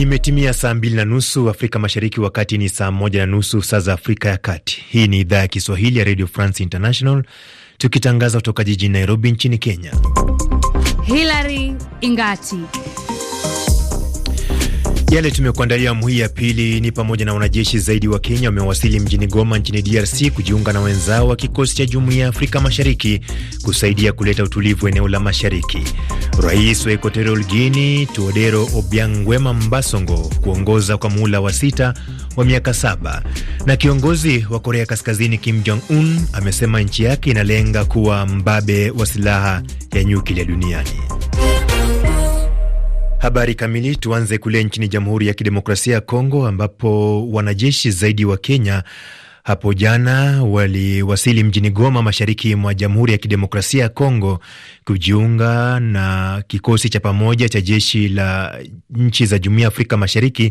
Imetimia saa mbili na nusu Afrika Mashariki, wakati ni saa moja na nusu saa za Afrika ya Kati. Hii ni idhaa ya Kiswahili ya Radio France International, tukitangaza kutoka jijini Nairobi nchini Kenya. Hilary Ingati yale tumekuandalia awamu hii ya pili ni pamoja na wanajeshi zaidi wa Kenya wamewasili mjini Goma nchini DRC kujiunga na wenzao wa kikosi cha Jumuiya ya Afrika Mashariki kusaidia kuleta utulivu eneo la mashariki. Rais wa Equatorial Guinea Tuodero Obiangwema Mbasongo kuongoza kwa muhula wa sita wa miaka saba, na kiongozi wa Korea Kaskazini Kim Jong Un amesema nchi yake inalenga kuwa mbabe wa silaha ya nyuklia duniani. Habari kamili. Tuanze kule nchini Jamhuri ya Kidemokrasia ya Kongo ambapo wanajeshi zaidi wa Kenya hapo jana waliwasili mjini Goma, mashariki mwa Jamhuri ya Kidemokrasia ya Kongo kujiunga na kikosi cha pamoja cha jeshi la nchi za jumuia ya Afrika Mashariki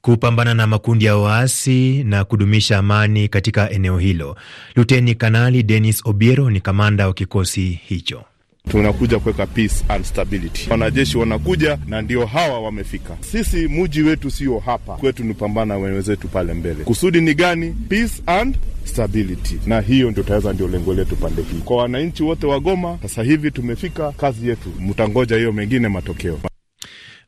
kupambana na makundi ya waasi na kudumisha amani katika eneo hilo. Luteni Kanali Denis Obiero ni kamanda wa kikosi hicho tunakuja kuweka peace and stability. Wanajeshi wanakuja na ndio hawa wamefika. Sisi muji wetu sio hapa kwetu, ni pambana wenzetu pale mbele. Kusudi ni gani? Peace and stability, na hiyo ndio taweza, ndio lengo letu pande hii. Kwa wananchi wote wa Goma, sasa hivi tumefika, kazi yetu mtangoja hiyo mengine matokeo.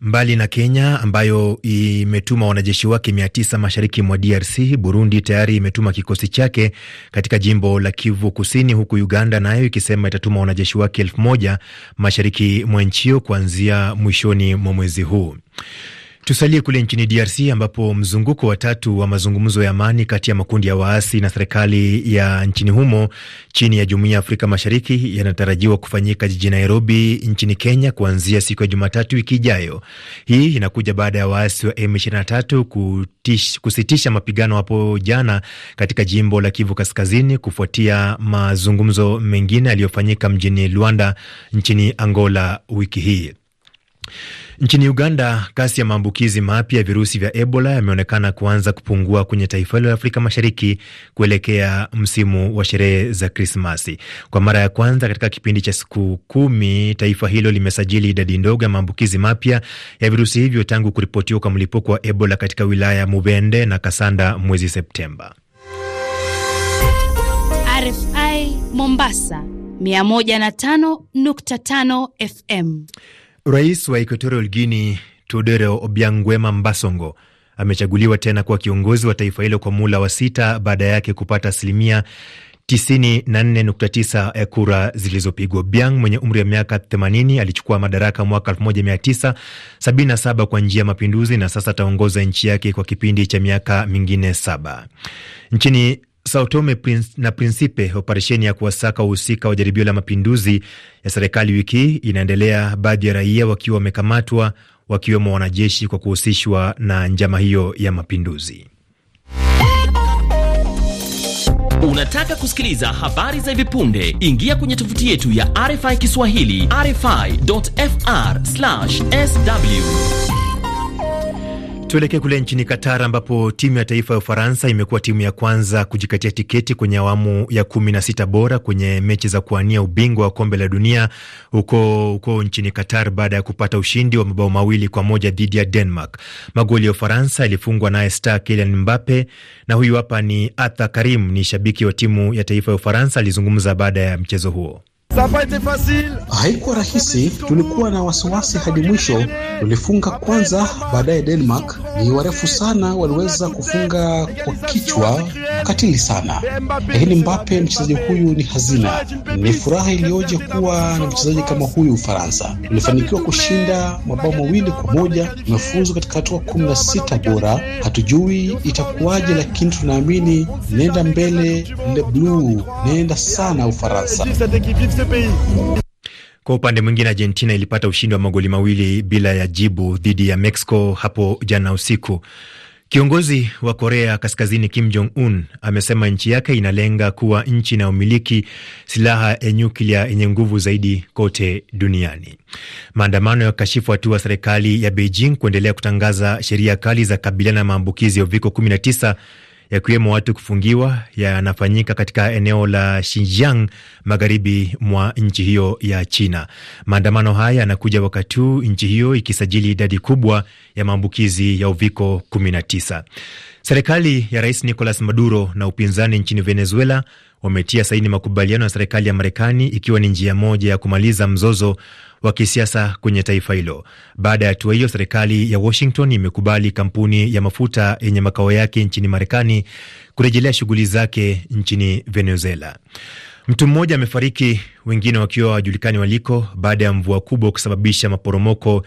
Mbali na Kenya ambayo imetuma wanajeshi wake mia tisa mashariki mwa DRC, Burundi tayari imetuma kikosi chake katika jimbo la Kivu Kusini, huku Uganda nayo na ikisema itatuma wanajeshi wake elfu moja mashariki mwa nchi hiyo kuanzia mwishoni mwa mwezi huu. Tusalie kule nchini DRC ambapo mzunguko wa tatu wa mazungumzo ya amani kati ya makundi ya waasi na serikali ya nchini humo chini ya Jumuiya ya Afrika Mashariki yanatarajiwa kufanyika jijini Nairobi nchini Kenya kuanzia siku ya Jumatatu wiki ijayo. Hii inakuja baada ya waasi wa M23 kusitisha mapigano hapo jana katika jimbo la Kivu Kaskazini kufuatia mazungumzo mengine yaliyofanyika mjini Luanda nchini Angola wiki hii. Nchini Uganda, kasi ya maambukizi mapya ya virusi vya Ebola yameonekana kuanza kupungua kwenye taifa hilo la Afrika Mashariki kuelekea msimu wa sherehe za Krismasi. Kwa mara ya kwanza katika kipindi cha siku kumi, taifa hilo limesajili idadi ndogo ya maambukizi mapya ya virusi hivyo tangu kuripotiwa kwa mlipuko wa Ebola katika wilaya ya Mubende na Kasanda mwezi Septemba. RFI Mombasa 105.5 FM. Rais wa Equatorial guini Teodoro Obiangwema Mbasongo amechaguliwa tena kuwa kiongozi wa taifa hilo kwa mula wa sita baada yake kupata asilimia 94.9 ya kura zilizopigwa. Biang mwenye umri wa miaka 80 alichukua madaraka mwaka 1977 kwa njia ya mapinduzi na sasa ataongoza nchi yake kwa kipindi cha miaka mingine saba. Nchini Sao Tome na Principe, operesheni ya kuwasaka wahusika wa jaribio la mapinduzi ya serikali wiki hii inaendelea, baadhi ya raia wakiwa wamekamatwa, wakiwemo wanajeshi kwa kuhusishwa na njama hiyo ya mapinduzi. Unataka kusikiliza habari za hivi punde? Ingia kwenye tovuti yetu ya RFI Kiswahili, rfi.fr/sw. Tuelekee kule nchini Qatar ambapo timu ya taifa ya Ufaransa imekuwa timu ya kwanza kujikatia tiketi kwenye awamu ya kumi na sita bora kwenye mechi za kuwania ubingwa wa kombe la dunia huko huko nchini Qatar baada ya kupata ushindi wa mabao mawili kwa moja dhidi ya Denmark. Magoli ya Ufaransa yalifungwa naye star Kylian Mbappe, na huyu hapa ni Arthur Karim, ni shabiki wa timu ya taifa ya Ufaransa, alizungumza baada ya mchezo huo. Haikuwa rahisi, tulikuwa na wasiwasi hadi mwisho. Tulifunga kwanza, baadaye Denmark ni warefu sana, waliweza kufunga kwa kichwa, katili sana. Lakini Mbappe, mchezaji huyu ni hazina. Ni furaha iliyoje kuwa na mchezaji kama huyu Ufaransa. Tulifanikiwa kushinda mabao mawili kwa moja, tumefuzu katika hatua kumi na sita bora. Hatujui itakuwaje, lakini tunaamini nenda mbele, le bluu, nenda sana Ufaransa pays. Kwa upande mwingine Argentina ilipata ushindi wa magoli mawili bila ya jibu dhidi ya Mexico hapo jana usiku. Kiongozi wa Korea Kaskazini Kim Jong Un amesema nchi yake inalenga kuwa nchi inayomiliki silaha ya nyuklia yenye nguvu zaidi kote duniani. Maandamano ya kashifu hatua serikali ya Beijing kuendelea kutangaza sheria kali za kabiliana na maambukizi ya uviko 19 yakiwemo watu kufungiwa yanafanyika katika eneo la Xinjiang magharibi mwa nchi hiyo ya China. Maandamano haya yanakuja wakati huu nchi hiyo ikisajili idadi kubwa ya maambukizi ya uviko 19. Serikali ya Rais Nicolas Maduro na upinzani nchini Venezuela wametia saini makubaliano ya serikali ya Marekani ikiwa ni njia moja ya kumaliza mzozo wa kisiasa kwenye taifa hilo. Baada ya hatua hiyo, serikali ya Washington imekubali kampuni ya mafuta yenye makao yake nchini Marekani kurejelea shughuli zake nchini Venezuela. Mtu mmoja amefariki, wengine wakiwa hawajulikani waliko baada ya mvua kubwa kusababisha maporomoko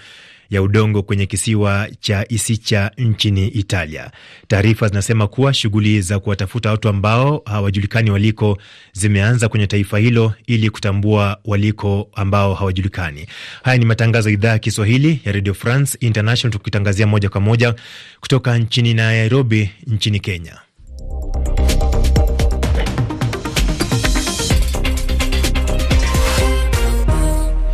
ya udongo kwenye kisiwa cha Isicha nchini Italia. Taarifa zinasema kuwa shughuli za kuwatafuta watu ambao hawajulikani waliko zimeanza kwenye taifa hilo ili kutambua waliko ambao hawajulikani. Haya ni matangazo ya idhaa ya Kiswahili ya Radio France International, tukitangazia moja kwa moja kutoka nchini Nairobi nchini Kenya.